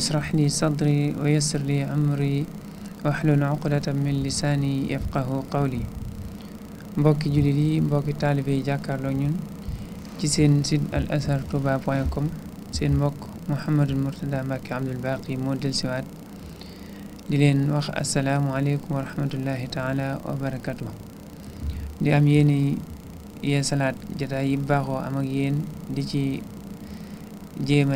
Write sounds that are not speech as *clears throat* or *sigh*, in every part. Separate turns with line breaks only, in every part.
ishrah li sadri wa yassir li amri wahlul uqdatan min lisaani yafqahu qawli mbokki jullit yi mbokki taalibe yi jàkkaarloo ñun al azhar touba com seen mbokk Mouhamadou Mourtada Mbacké Abdoul Baqi moo dellusiwaat di leen wax asalaamualeykum wa rahmatullahi taala wa di am yéeni yee salaat jataay am ak yéen di ci jéem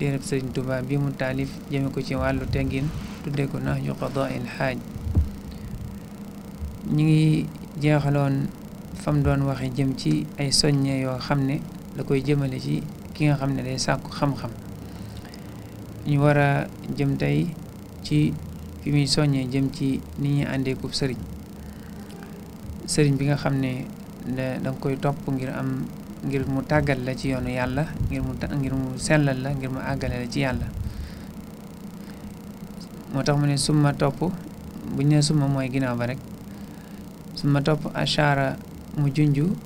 téereb sëriñ tubaab bi mu taalif jëme ko ci wàllu teggin tudde ko Nahju Qadaa'il Haaj ñu ngi jeexaloon fam doon waxe jëm ci ay soññe yoo xam ne da koy jëmale ci ki nga xam ne day sàkku xam-xam ñu war a jëm tey ci fi muy soññee jëm ci ni ñuy àndee kub sëriñ sëriñ bi nga xam ne da koy topp ngir am ngir mu tàggat la ci yoonu yàlla ngir mu ngir mu sellal la ngir mu àggale la ci yàlla moo tax mu ne suma topp bu ñu ne suma mooy ginnaaw ba rek suma topp achara mu junju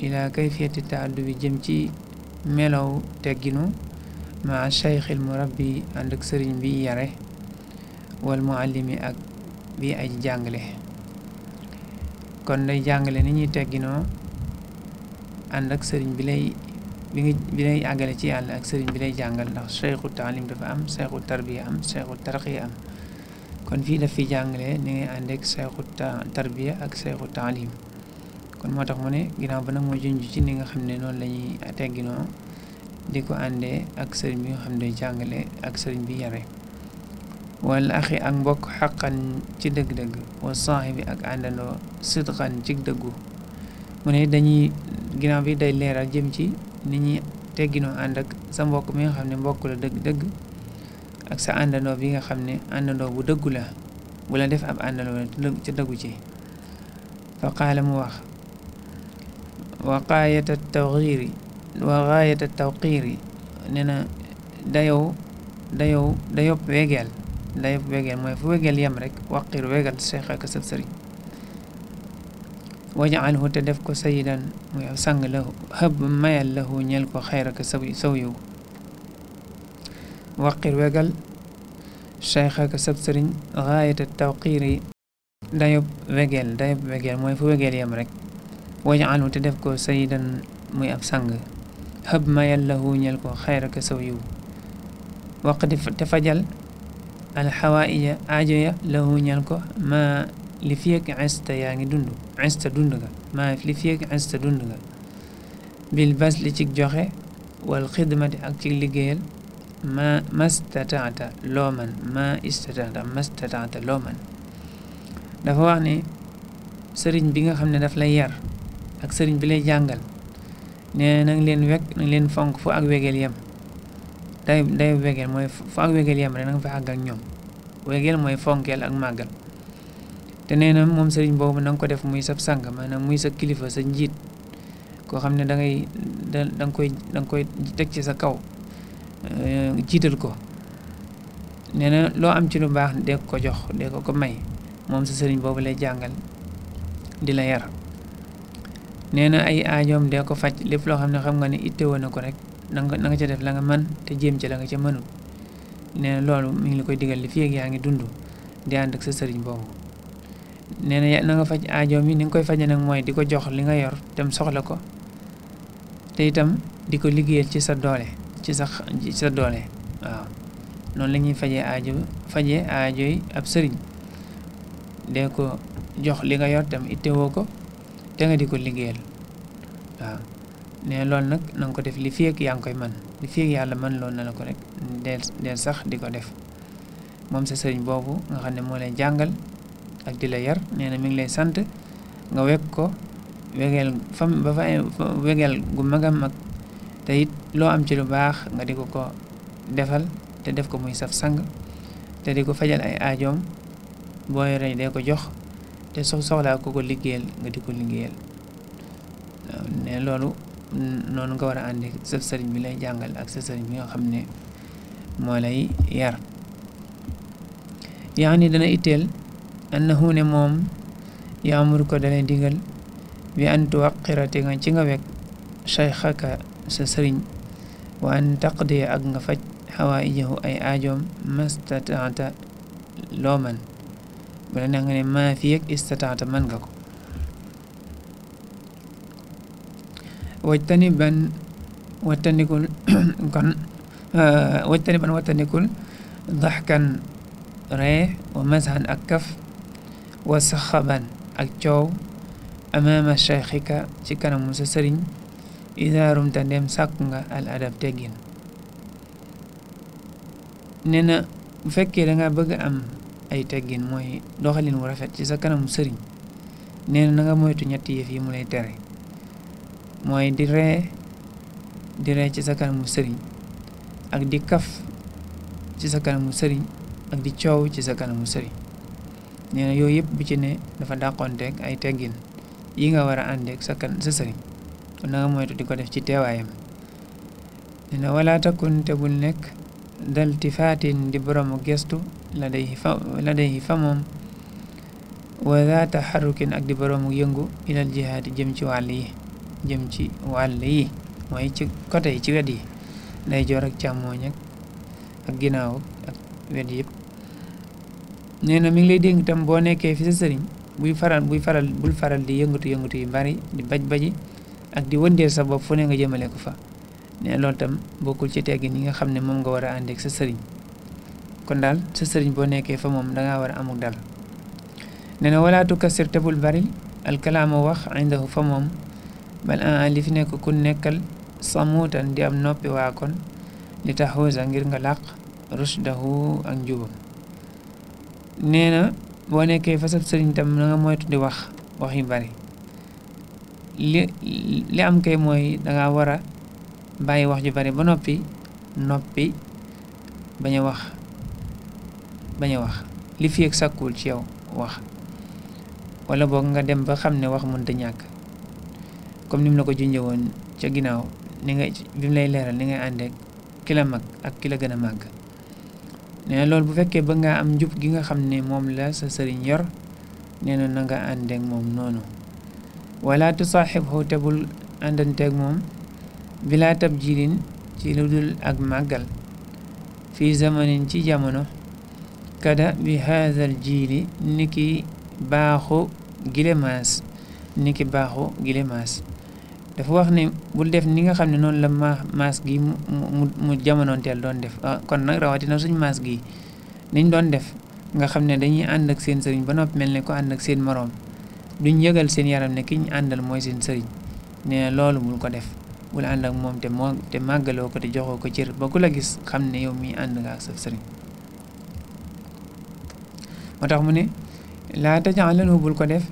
ila kayfiyati taaddu bi jëm ci melow tegginu ma cheikhil bi ànd ak sëriñ bi yare wal muallimi ak bi ay jàngale kon day jàngale ni ñuy tegginoo ànd ak sëriñ bi lay bi nga bi lay ci àll ak sëriñ bi lay jàngal ndax seexu taalim dafa am seexu tarbiya am seexu tarqiya am kon fii daf fi jàngale ni ngay ànd ak seexu ak seexu taalim kon moo tax mu ne ginnaaw ba nag moo junj ci ni nga xam ne noonu lañuy ñuy tegginoo di ko àndee ak sëriñ bi nga xam ne day jàngale ak sëriñ bi yare wal axi ak mbokk xaqan ci dëgg-dëgg wal saaxibi ak àndandoo sidqan ci dëggu mu ne dañuy ginnaaw bi day leeral jëm ci nit ñi tegginoo ànd ak sa mbokk mi nga xam ne mbokk la dëgg dëgg ak sa àndandoo bi nga xam ne àndandoo bu dëggu la bu la def ab àndandoo la ca dëggu ci fa qaala mu wax wa qaayata tawxiiri wa qaayata yi ne na dayow dayow dayob wegeel dayob wegeel mooy fu wegeel yem rek waqiir wegal seex ak sëriñ wajaanhu te def ko sayidan muy aw sang la hëb mayal lahu ñel ko xayraka saw saw yiw waqir wegal cheikhaka sab sëriñ gaayata tawqiiri dayob wegeel dayob wegeel mooy fu wegeel yam rek wajaanhu te def ko sayidan muy ab sang hëb mayal lahu ñel ko xayraka saw yiw waqdi te fajal alxawaaiya aajo ya lahu ñel ko ma li fi ak yaa ngi dund insta dund nga maanaam li fi ak insta dund nga bil bas li ci joxe wal xidmati ak ci liggéeyal ma mastataata loo man ma istataata mastataata loo man dafa wax ne sëriñ bi nga xam ne daf lay yar ak sëriñ bi lay jàngal nee na leen wekk na leen fonk fu ak wegeel yem day day wegeel mooy fu ak na fa àgg ak ñoom wegeel mooy fonkeel ak màggal te nee na moom sëriñ boobu nanga ko def muy sab sang maanaam muy sa kilifa sa njiit koo xam ne dangay danga koy da koy teg ci sa kaw euh, jiital ko nee na loo am ci lu baax dee ko jox dee ko may moom sa sëriñ boobu lay jàngal di la yar nee na ay aajoom dee ko faj lépp loo xam ne xam nga ne itteewoo na ko rek na na nga ca def la nga man te jéem ca la nga ca mënul nee loolu mu ngi la koy digal li fi yaa ngi dund di ànd ak sa sëriñ boobu nee na na nga faj aajoom yi ni nga koy faje nag mooy di ko jox li nga yor tam soxla ko te itam di ko liggéeyal ci sa doole ci sa sa doole waaw noonu la fajee aajo fajee aajo yi ab sëriñ dee ko jox li nga yor tam ittewoo ko te di ko liggéeyal waaw ne loolu nag na ko def li fi yaa ngi koy man li fi yàlla man loolu na la ko rek deel sax di ko def moom sa sëriñ boobu nga xam ne moo lay jàngal ak di la yar nee na mi ngi lay sant nga weg ko wegeel fam ba fa wegeel gu mag mag te loo am ci lu baax nga di ko ko defal te def ko muy saf sang te di ko fajal ay aajoom boo yoree de ko jox te so soxlaa ko ko liggéeyal nga di ko liggéeyal waaw ne loolu noonu nga war a àndi sa sëriñ bi lay jàngal ak sa sëriñ bi xam ne moo lay yar yaani dana itteel annahu ne moom yaamuru ko dalay digal bi an tuwaqirati nga ci nga weg cheikhaka sa sëriñ wa taqdiya ak nga faj xawaayijahu ay aajoom mastataata loo man wala na ne maa istataata man nga ko wajtani ban wattandikul *coughs* kon *coughs* ah, wajtani ban wa mazhan ak kaf wa saxaban ak coow amaama cheikhika ci kanamu sa sëriñ isaarum ta ndem sàkk nga al adab teggin nee na bu fekkee danga bëgg am ay teggin mooy doxalin wu rafet ci sa kanamu sëriñ nee nanga nga moytu ñetti yëf yi mu lay tere mooy di ree di ree ci sa kanamu sëriñ ak di kaf ci sa kanamu sëriñ ak di coow ci sa kanamu sëriñ nee na yooyu yëpp bi ci ne dafa dàqonteeg ay teggin yi nga war a àndeeg sa kan sa sëriñ kon na nga moytu di ko def ci teewaayam nee na wala takkun nekk dalti faatin di boroomu gestu la day fa la day fa moom wa zaata xarukin ak di boroomu yëngu ilal jihaadi jëm ci wàll yi jëm ci wàll yi mooy ci côté ci wet yi day joor ak càmmooñ ak ginnaaw ak wet yëpp nee na mi ngi lay déng tam boo nekkee fi sa sëriñ buy faral buy faral bul faral di yëngatu yëngatu yu bari di baj baji ak di wëndeel sa bopp fu ne nga jëmale ko fa nee loolu tam bokkul ci teggin yi nga xam ne moom nga war a àndeek sa sëriñ kon daal sa sëriñ boo nekkee fa moom dangaa war a amuk dal nee na wala tukassir te bul bari wax indahu fa moom bal an li fi nekk ku nekkal samuutan di am noppi waa kon di li taxuusa ngir nga làq rushdahu ak njubam nee na boo nekkee fasab sëriñ tam na nga moytu di wax wax yu bari li li am kay mooy dangaa war a bàyyi wax ju bari ba noppi noppi bañu wax bañ wax li fi ak sàkkuwul ci yow wax wala boog nga dem ba xam ne wax mënta ñàkk comme ni mu la ko junjee woon ca ginnaaw ni nga bi mu lay leeral ni ngay àndeek ki la mag ak ki la gën a màgg nee eh, na loolu bu fekkee ba nga am njub gi nga xam ne moom la sa sëriñ yor nee na nanga nga ànd moom noonu wala tusaaxibhu te bul àndanteeg moom bila tabjilin ci lu dul ak màggal fii zamanin ci jamono kada bi haazal jiili niki baaxu gilemaas niki baaxu gilemaas dafa wax ne bul def ni nga xam ne noonu la ma maas gi mu mu mu jamonoonteel doon def ah, kon nag rawatina suñ maas gi niñ doon def nga xam ne dañuy ànd ak seen sëriñ ba noppi mel ne ko ànd ak seen moroom duñ yëgal seen yaram ne ki ñu àndal mooy seen sëriñ nee loolu bul ko def bul ànd ak moom te moo te màggaloo ko te joxoo ko cër ba ku la gis xam ne yow mii ànd nga ak sa sëriñ moo tax mu ne laa tajaalalu bul ko def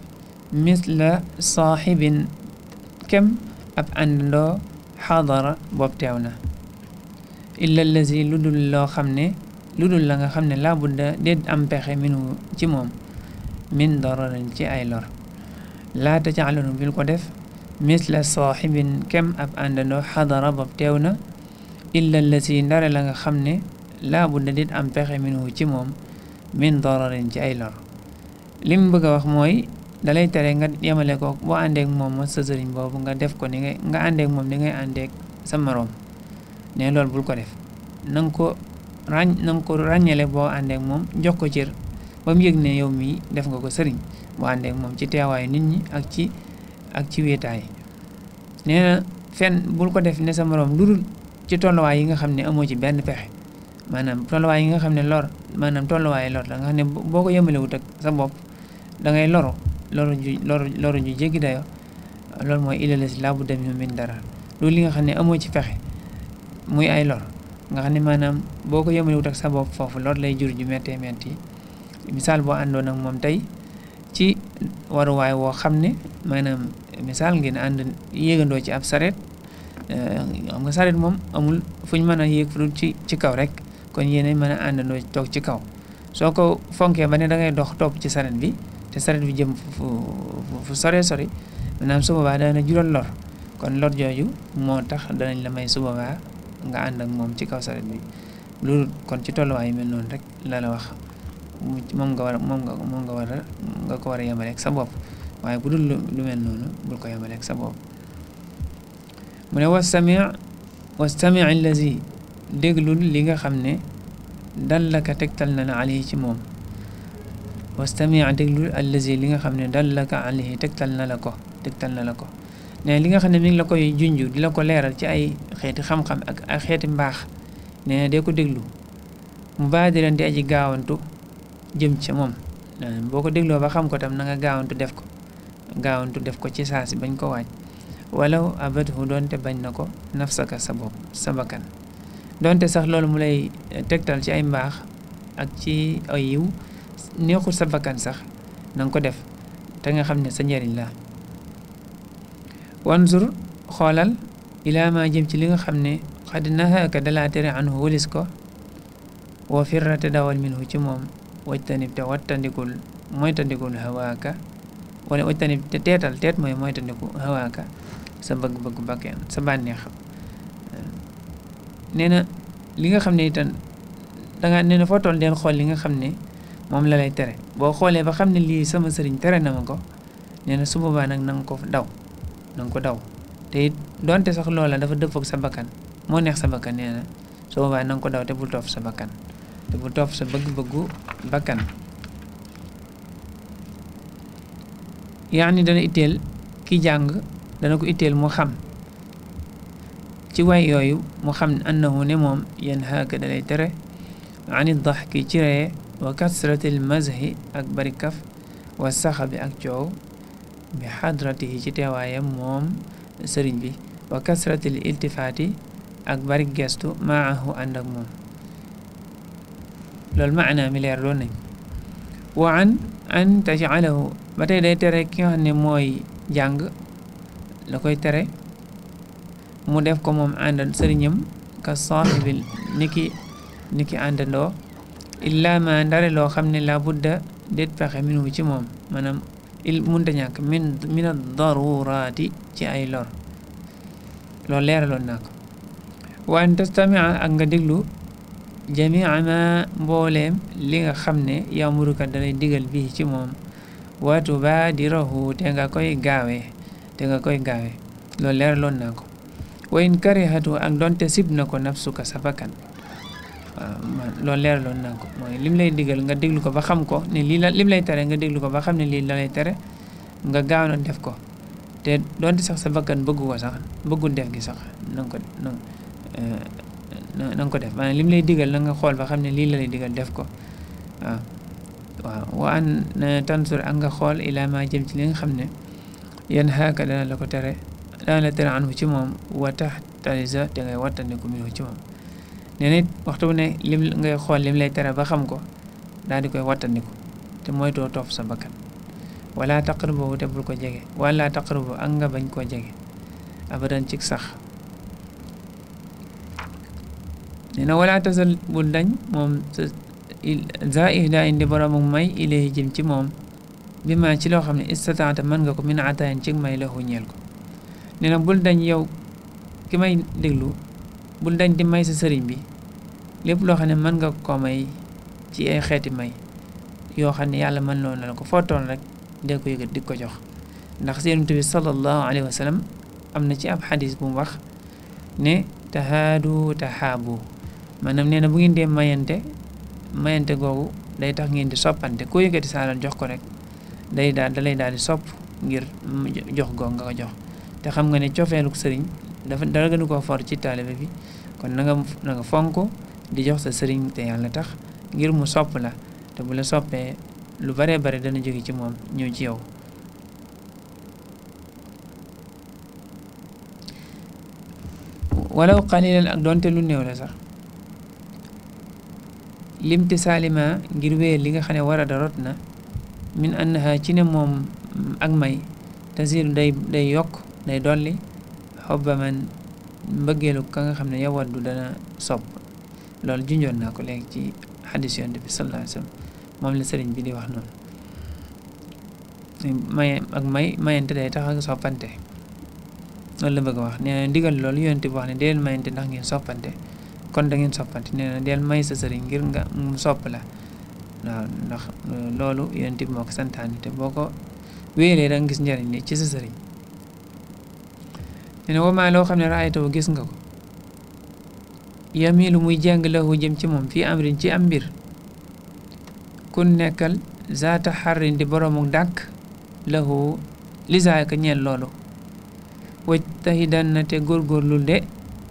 misla saaxibin kem ab àndandoo xaadara boobu teew na illa lazi lu dul loo xam ne lu dul la nga xam ne laa budda déet am pexe minu ci moom min dararin ci ay lor laa tajaalunu bil ko def misla saaxibin kem ab àndandoo xadara boobu teew na illa lazi ndare la nga xam ne laa budda am pexe minu ci moom min dararin ci ay lor bëgg a wax mooy dalay tere nga yemale ko boo àndeek moom mo sa sëriñ boobu nga def ko ni ngay nga àndeek moom ni ngay àndeek sa moroom ne loolu bul ko def na nga ko ràññ na ko ràññale boo àndeek moom jox ko cër ba mu ne yow mii def nga ko sëriñ boo àndeek moom ci teewaayu nit ñi ak ci ak ci wéetaay na fenn bul ko def ne sa moroom lu dul ci tolluwaay yi nga xam ne amoo ci benn pexe maanaam tolluwaay yi nga xam ne lor maanaam tolluwaay lor la nga xam ne boo ko yemalewut ak sa bopp da ngay loro loru ju loru loru ju jéggi dayoo loolu mooy ilalasi laabu dem yu min dara loolu li nga xam ne amoo ci fexe muy ay lor nga xam ne maanaam boo ko yemalewut sa bopp foofu lor lay jur ju méttee métti misaal boo àndoon ak moom tey ci waruwaay woo xam ne maanaam misaal ngeen ànd yéegandoo ci ab sareet eh, xam nga sareet moom amul fu ñu mën a yéeg fu ci ci kaw rek kon yéen a mën a àndandoo toog ci kaw soo ko fonkee ba ne da ngay dox topp ci sareet bi te saret bi jëm fu fu sore sori maanaam su boobaa dana jural lor kon lor jooju moo tax danañ la may su boobaa nga ànd ak moom ci kaw saret bi lu kon ci tolluwaay yu mel rek la wax moom nga war moom nga nga war nga ko war sa bopp waaye bu dul lu mel noonu bul ko yemaleeg sa bopp mu ne wastami wastami allazi déglul li nga xam ne dallaka tegtal na la ali ci moom wastamia déglul allazi li nga xam ne dallaka alayhi tegtal na la ko tegtal na la ko ne li nga xam ne mi la koy junj di la ko leeral ci ay xeeti xam-xam ak ay xeeti mbaax nee de ko déglu mu baadiran di aji gaawantu jëm ca moom boo ko dégloo ba xam ko tam na nga gaawantu def ko gaawantu def ko ci saa si bañ ko waaj wala abadhu doonte bañ na ko nafsaka sa bopp sa bakkan sax loolu mu lay tegtal ci ay mbaax ak ci ay neexul sa bakkan sax na ko def te nga xam ne sa njariñ la wanzur xoolal ilaa ma jëm ci li nga xam ne xad nahaaka dalaa tere anhu walis ko wa firrate dawal minhu ci moom wajtanib te wattandikul moytandikul hawaaka wala wajtanib te teetal teet mooy moytandiku hawaaka sa bëgg-bëgg bakkeen sa bànneex nee na li nga xam ne itam danga nee na foo toll den xool li nga xam ne moom la lay tere boo xoolee ba xam ne lii sama sëriñ tere na ma ko nee na su boobaa nag na ko daw na ko daw te it donte sax loola dafa dëppoog sa bakkan moo neex sa bakkan nee na su boobaa ko daw te bul toof sa bakkan te bul toof sa bëgg-bëggu bakkan yaa ni dana itteel ki jàng dana ko itteel mu xam ci way yooyu mu xam annahu ne moom yanhaaka dalay tere ani dax ki ci ree wa kasratil mazhi ak bari kaf wa saxa bi ak coow bi xadratihi ci teewaayam moom sëriñ bi wa kasratil iltifaati ak bari gestu maahu ànd ak moom loolu maanaa mi leer loolu nañ wa an an ba tey day tere ki mooy jàng la koy tere mu def ko moom àndal sëriñam ka saaxibil niki niki àndandoo illaa ma ndare loo xam ne la budda déet pexe minhu ci moom maanaam il munta ñàkk min min a daruraati ci ay lor loolu leeraloon naa ko wa an ak nga déglu jamia ma mbooleem li nga xam ne yaamuruka dalay digal bi ci moom wa tubaadirahu te nga koy gaawee te nga koy gaawee loolu leeraloon naa ko wa in karihatu ak donte sib na ko nafsuka sa bakkan Euh, loolu leeraloon naa ko mooy lim lay digal nga déglu ko ba xam ko ni lii la lim lay tere nga déglu ko ba xam ne lii la tere nga gaaw def ko te doonte sax sa bakkan bëggu ko sax bëggul def gi sax na ko euh, na nga ko def maanaam lim lay digal na nga xool ba xam ne lii la lay def ko waaw waaw wa an tansur ak nga xool ilaa ma jëm ci li xam ne yan xaaka dana la ko tere dana la tere anhu ci moom wa tax talisa te ngay wattandiku minhu ci moom nee na waxtu bu ne lim ngay xool lim lay tere ba xam ko daal di koy wattandiku te mooy doo topp sa bakkan wala taqrabu te bul ko jege wala taqrabu ak nga bañ koo jege abadan cig sax nee na wala tasal bul dañ moom sa ihda indi borom mu may ilay ci moom ma ci loo xam ne istataata nga ko min ataayan ci may lahu ñel ko nee bul dañ yow ki may déglu bul dañ di may sa sëriñ bi lépp loo xam ne mën nga ko may ci ay xeeti may yoo xam ne yàlla mën na na la ko footoon rek dee ko yëgat di ko jox ndax seen bi sallallahu alayhi wa sallam am na ci ab xadiis bu mu wax ne tahaadu tahaabu maanaam nee na bu ngeen dee mayante mayante googu day tax ngeen di soppante koo yëkkati saa daan jox ko rek day daal dalay daal di sop ngir jox googu nga ko jox te xam nga ne cofeeluk sëriñ dafa dara gënu koo for ci taalibe bi kon na fonk di jox sa sëriñ te yàlla tax ngir mu sopp la te bu la soppee lu baree bare dana jóge ci moom ñëw ci yow walaw xalilan ak doonte lu néew la sax limtisaalima ngir wéyal li nga xam ne war a da na min annaha ci ne moom ak may tasiru day day yokk day dolli xobba man mbëggeelu ka nga xam ne du dana sopp loolu junjoon naa ko léegi ci xadis yonent bi sallallahu alayhi moom la sëriñ bi di wax noonu maye ak may mayante day tax ak soppante loolu la bëgg wax nee na ndigal loolu yonent bi wax ne deel mayante ndax ngeen soppante kon da ngeen soppante nee na may sa sëriñ ngir nga mu sopp la ndax uh, loolu yonent bi moo ko te boo ko wéeree da nga gis njëriñ li ci sa sëriñ nee na wama loo xam ne raaytawu gis nga ko yamilu muy jàng lahu jëm ci moom fii amrin ci am mbir kun nekkal zaata xarrin di boroomu dàkk lahu ko ñeel loolu waj taxidan na te góorgóorlul de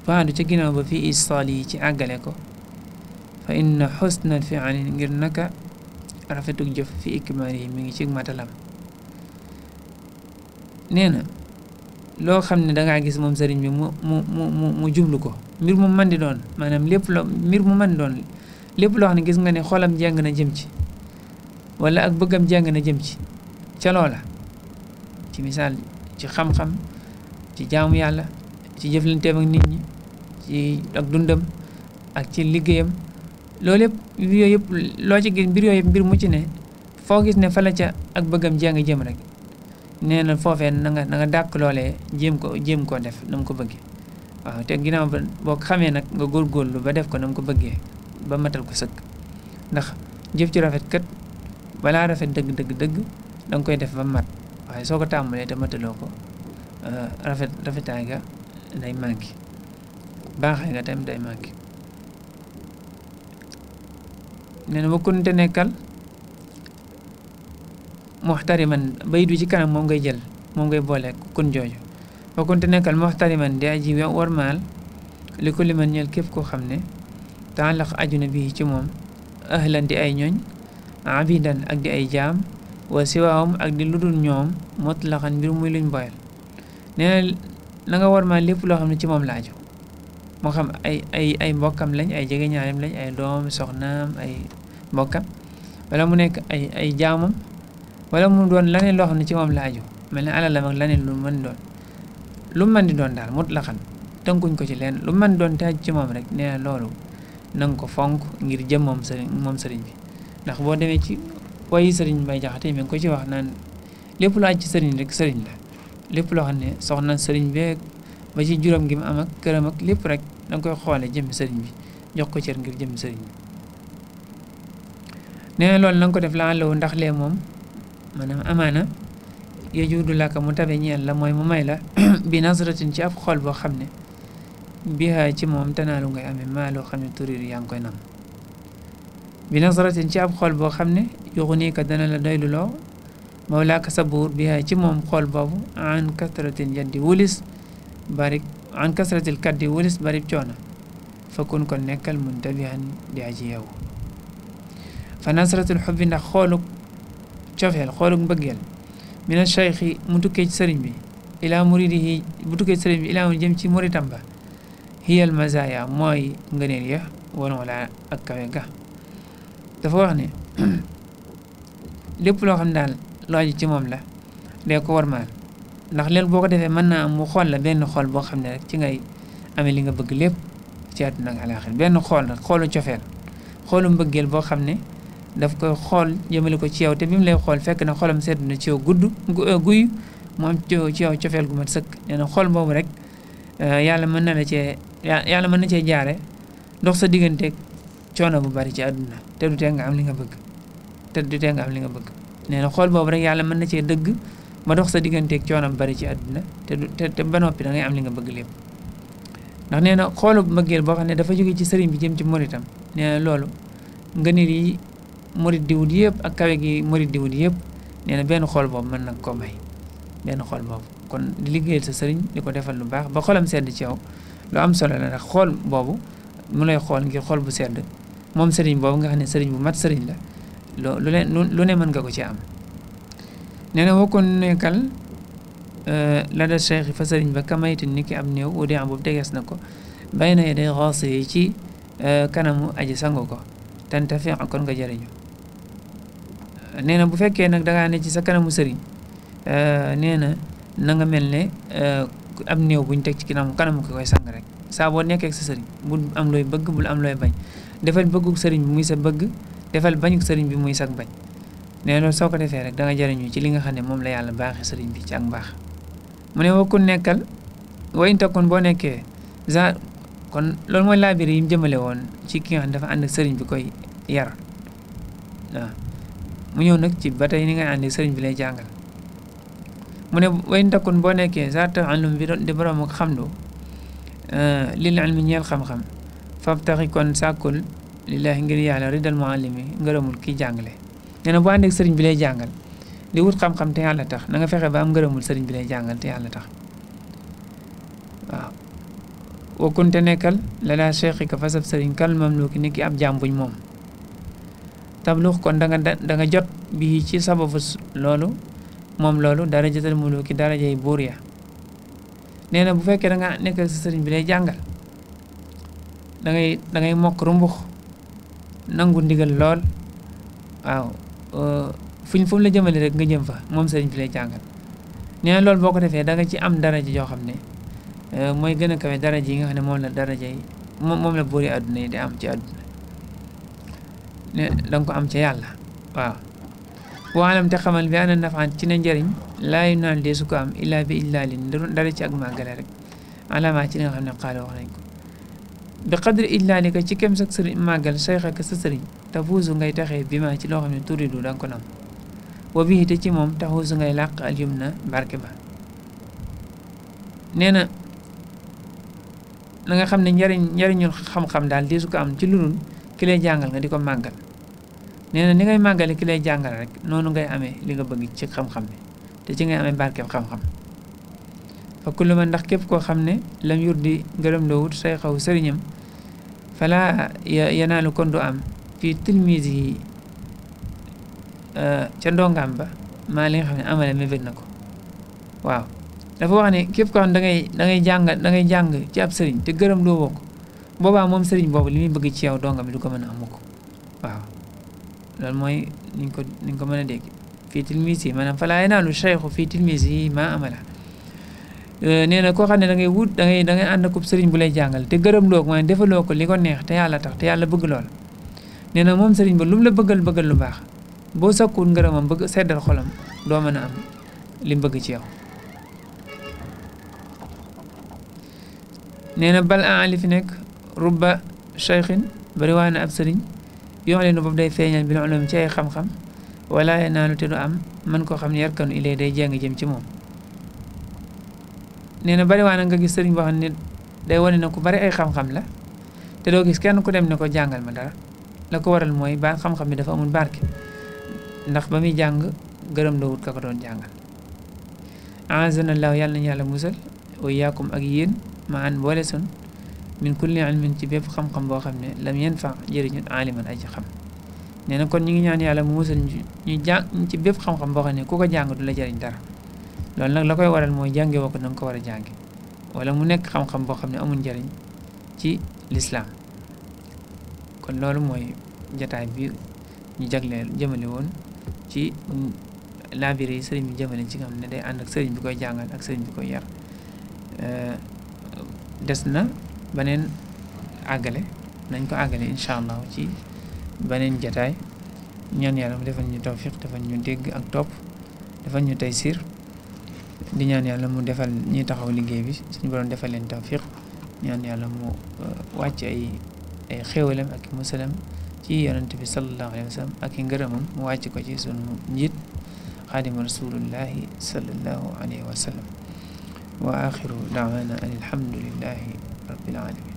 baadu ca ginnaaw ba fii istaal yi ci àggale ko fa inna xusna fi'alin ngir naka rafetug jëf fi ikmaal yi mi ngi ci matalam nee loo xam ne danga gis moom sëriñ bi mu mu mu mu jublu ko mbir mu mën di doon maanaam lépp loo mbir mu mën doon lépp loo xam ne gis nga ne xolam jeng na jëm ci wala ak bëggam jàng na jëm ci ca loola ci misaal ci xam-xam ci jaamu yàlla ci jëflanteem ak nit ñi ci ak dundam ak ci liggéeyam loolu yëpp yooyu yëpp loo ci gis mbir yooyu yëpp mbir mu ci ne foo gis ne fa la ca ak bëggam jàng jëm rek nee na foofee na nga na nga dàq loolee ko jéem koo def na mu ko bëggee. waaw te ginnaaw ba boo ko xamee nag nga góor góorgóorlu ba def ko na mu ko bëggee ba matal ko sëkk ndax jëf ci rafet kat balaa rafet dëgg dëgg dëgg da koy def ba mat waaye soo ko tàmbalee te mataloo ko euh, rafet rafetaay ga day màggi baaxee nga tamit day màggi nee na wakkunte nekkal muxtariman bayit bi ci kanam moom ngay jël moom ngay boolee kun jooju wa kunte nekkal muxtariman di aji warmaal li kulli man ñeel képp koo xam ne taalax aju na bii ci moom ahlan di ay ñooñ abidan ak di ay jaam wa siwaawum ak di ludul ñoom motlaxan mbir muy luñ boyal nee na nga lépp loo xam ne ci moom la aju moo xam ay ay ay mbokkam lañ ay jegeñaayam lañ ay doom soxnaam ay mbokkam wala mu nekk ay ay jaamam wala mu doon laneen loo ne ci moom la aju mel ne alalam ak laneen lu mën doon lu mën di doon daal mut la xan tënkuñ ko ci leen lu mën doon taaj ci moom rek nee na loolu na nga ko fonk ngir jëm moom sëriñ moom sëriñ bi ndax boo demee ci wayi sëriñ bay jaxate mi ngi ko ci wax naan lépp lu aj ci sëriñ rek sëriñ la lépp loo xam ne soxna sëriñ beeg ba ci juróom gi mu am ak këram lépp rek da nga koy xoole jëmmi sëriñ bi jox ko cër ngir jëmmi sëriñ bi nee na loolu na ko def la àllawu ndax lee moom maanaam amaana yejudu laka mu tabe ñeel la mooy mu may la bi nasratin ci ab xol boo xam ne bihaa ci moom tanaalu ngay amee maa loo xam ne turiidu yaa ngi koy nam bi nasratin ci ab xol boo xam ne yuxu nii ka dana la doylu loo mawlaaka sa buur bihaa ci moom xol boobu an kasratin jaddi wulis barik an kasratil kaddi wulis barib coono fakkun kon nekkal muntabihan di aji yow fa nasratul xubbi ndax xooluk cofeel xooluk mbëggeel mina cheikhi mu tukkee ci sëriñ bi ilaa muridihi bu tukkee sëriñ bi ilaa mu jëm ci muritam ba hiyal mazaya mooy ngëneel ya wala ak kawe ga dafa wax ne *clears throat* lépp loo xam daal looji ci moom la dee ko war maal ndax leen boo ko defee mën naa mu xool la benn xool boo xam ne rek ci ngay amee li nga bëgg lépp ci àdduna ak alaaxir benn xool nag xoolu cofeel xoolu mbëggeel boo xam ne daf koy xool jëmale ko ci yow te bi mu lay xool fekk na xoolom sedd na ci yow gudd guy mu am ci ci yow cofeel gu ma sëkk neena xool xol boobu rek euh, yàlla mën na la cee yàlla mën na cee jaare dox sa digganteeg coono bu bari ci àdduna te du tee nga am li nga bëgg te du tee am li nga bëgg nee na xol boobu rek yàlla mën na cee dëgg ba dox sa digganteeg coono bu bari ci àdduna te du te ba noppi da am li nga bëgg lépp ndax nee na xoolu mbëggeel boo xam ne dafa jóge ci sëriñ bi jëm ci moritam nee na loolu nga nit yi morit diwut yëpp ak kawe gi morit diwut yëpp nee benn xool boobu mën nag ko may benn xool boobu kon di liggéeyal sa sëriñ di ko defal lu baax ba xolam sedd ci yow lu am solo la nag xool boobu mu lay xool ngir xool bu sedd moom sëriñ boobu nga xam ne sëriñ bu mat sëriñ la loo lu leen lu ne mën nga ko ci am nee na nekkal euh, la da cheikh fa sëriñ ba kamaytin ni ki am néew udi am boobu degees na ko bay na day xoos yi ci euh, kanamu aji sango ko tenta fi kon nga jëriñu nee na bu fekkee nag dangaa ne ci sa kanamu sëriñ Euh, nee na na nga mel ne euh, am néew bu ñu teg ci kanam kanam ki koy sang rek saa boo nekkee sa sëriñ bul am looy bëgg bul am looy bañ defal bëggu sëriñ bi muy sa bëgg defal bañuk sëriñ bi muy sag bañ nee loolu soo ko defee rek da nga ci li xam ne moom la yàlla baaxee sëriñ bi ci ak mu ne wakkun nekkal way takkoon boo nekkee genre kon loolu mooy laabiri yi mu jëmale woon ci ki nga xam dafa ànd ak sëriñ bi koy yar waaw mu ñëw nag ci ba tey ni nga ànd ak sëriñ bi lay jàngal mu ne way takkun boo nekkee zaata alum bi doon di borom ak xamlu eh, lil ilmi ñeel xam-xam fab taxi kon sàkkul lillaahi ngir yàlla ridal muallimi ngërëmul kii jàngale nee na bu ànd sëriñ bi lay jàngal di wut xam-xam te yàlla tax na nga fexe ba am ngërëmul sëriñ bi lay jàngal te yàlla tax waaw wakkunte nekkal la laa cheikh ka fasab sëriñ kal mamluki ni ki ab jàmbuñ moom tablux kon da nga da jot bi ci sababu loolu moom loolu darajatal muluki darajay buur ya nee na bu fekkee danga nekk sa sëriñ bi lay jàngal dangay ngay mokk rumbux nangu ndigal lool waaw uh, fuñ fu mu la jëmale rek nga jëm fa moom sëriñ bi lay jàngal nee na loolu boo ko defee da nga ci am daraja joo xam ne uh, mooy gën a kawe daraja yi nga xam ne moom la daraja yi moom la buur yi àdduna yi di am ci àdduna ne ko am ca yàlla waaw waalam te xamal bi ana nafaan ci na njëriñ laayu naan dee ko am illaa bi illaa lin dara ci ak màggale rek alama ci li xam ne xaale wax nañ ko bi qadri ci kem sak sëriñ màggal say xakk sa sëriñ tafuusu ngay taxee bi ma ci loo xam ne turi du nga ko nam wa bii te ci moom taxuusu ngay làq al yum na barke ba nee na na nga xam ne njariñ njariñul xam-xam daal dee ko am ci lu dul ki lay nga di ko màggal nee na ni ngay màggale ki lay jàngal rek noonu ngay amee li nga bëgg ci xam-xam bi te ci ngay amee barkeb xam-xam fa kullu ndax képp koo xam ne lam yur di gërëm loo wut say xaw sëriñam fala yanaalu kon du am fii tilmise yi euh, ca ndongaam ba maa li xam ne amale mébét na ko waaw dafa wax ne képp koo xam ne ngay da ngay jàng da ngay jàng ci ab sëriñ te gërëm loo woo boobaa moom sëriñ boobu li muy bëgg ci yow dongam bi du ko mën a amu ko waaw loolu mooy ni ko ni ko mën a dégg fii tilmiis yi maanaam falaa yanaalu cheikhu fii tilmiis yi maa amala nee na koo xam ne da ngay wut da ngay da ngay ànd akub sëriñ bu lay jàngal te gërëm loo ko maanaam defaloo ko li ko neex te yàlla tax te yàlla bëgg lool nee na moom sëriñ ba lu la bëggal bëggal lu baax boo sakkuwul ngërëmam bëgg seddal xolam doo mën a am li bëgg ci yow nee na bal an li fi nekk rubba cheikhin bari waa na ab sëriñ yoo xam boobu day feeñal bi la ulum ci ay xam-xam wala yanaanu te du am man koo xam ne yarkanu ilee day jeng jëm ci moom nee na bari waa na nga gis sëriñ boo xam day wane na ku bari ay xam la te doo gis kenn ku dem ne ko jàngal ma dara la ko waral mooy ba xam-xam bi dafa amul barke ndax ba muy jàng gërëm doo wut ka ko doon jàngal azanallahu yàlla nañu yàlla musal wa yaakum ak yéen ma boole sun min mi ilmin ci bépp xam-xam boo xam ne lam yanfa jëriñu aliman aji xam nee na kon ñu ngi ñaan yàlla mu musal ñu ñu jàng ci bépp xam boo xam ne ku ko jàng du la jëriñ dara loolu nag la koy waral mooy jànge woo ko na ko war a jànge wala mu nekk xam-xam boo xam ne amul njariñ ci lislaam kon loolu mooy jataay bi ñu jagleel jëmale woon ci laabire yi sëriñ bi jëmale ci nga xam ne day ànd ak sëriñ bi koy jàngal ak sëriñ bi koy yar des na beneen àggale nañ ko àggale incha allah ci beneen jataay ñaan yàlla mu defal ñu tawfiq defal ñu dégg ak topp defal ñu taysir di ñaan yàlla mu defal ñu taxaw liggéey bi suñ boroom defal leen tawfiq ñaan yàlla mu uh, wàcc ay ay ak i musalam ci yonent bi sallallahu alayhi wa ak i ngërëmam mu wàcc ko ci sunu njiit xaadima rasulullahi sallallahu alayhi wa wa axiru daawana an alhamdulillahi العالمين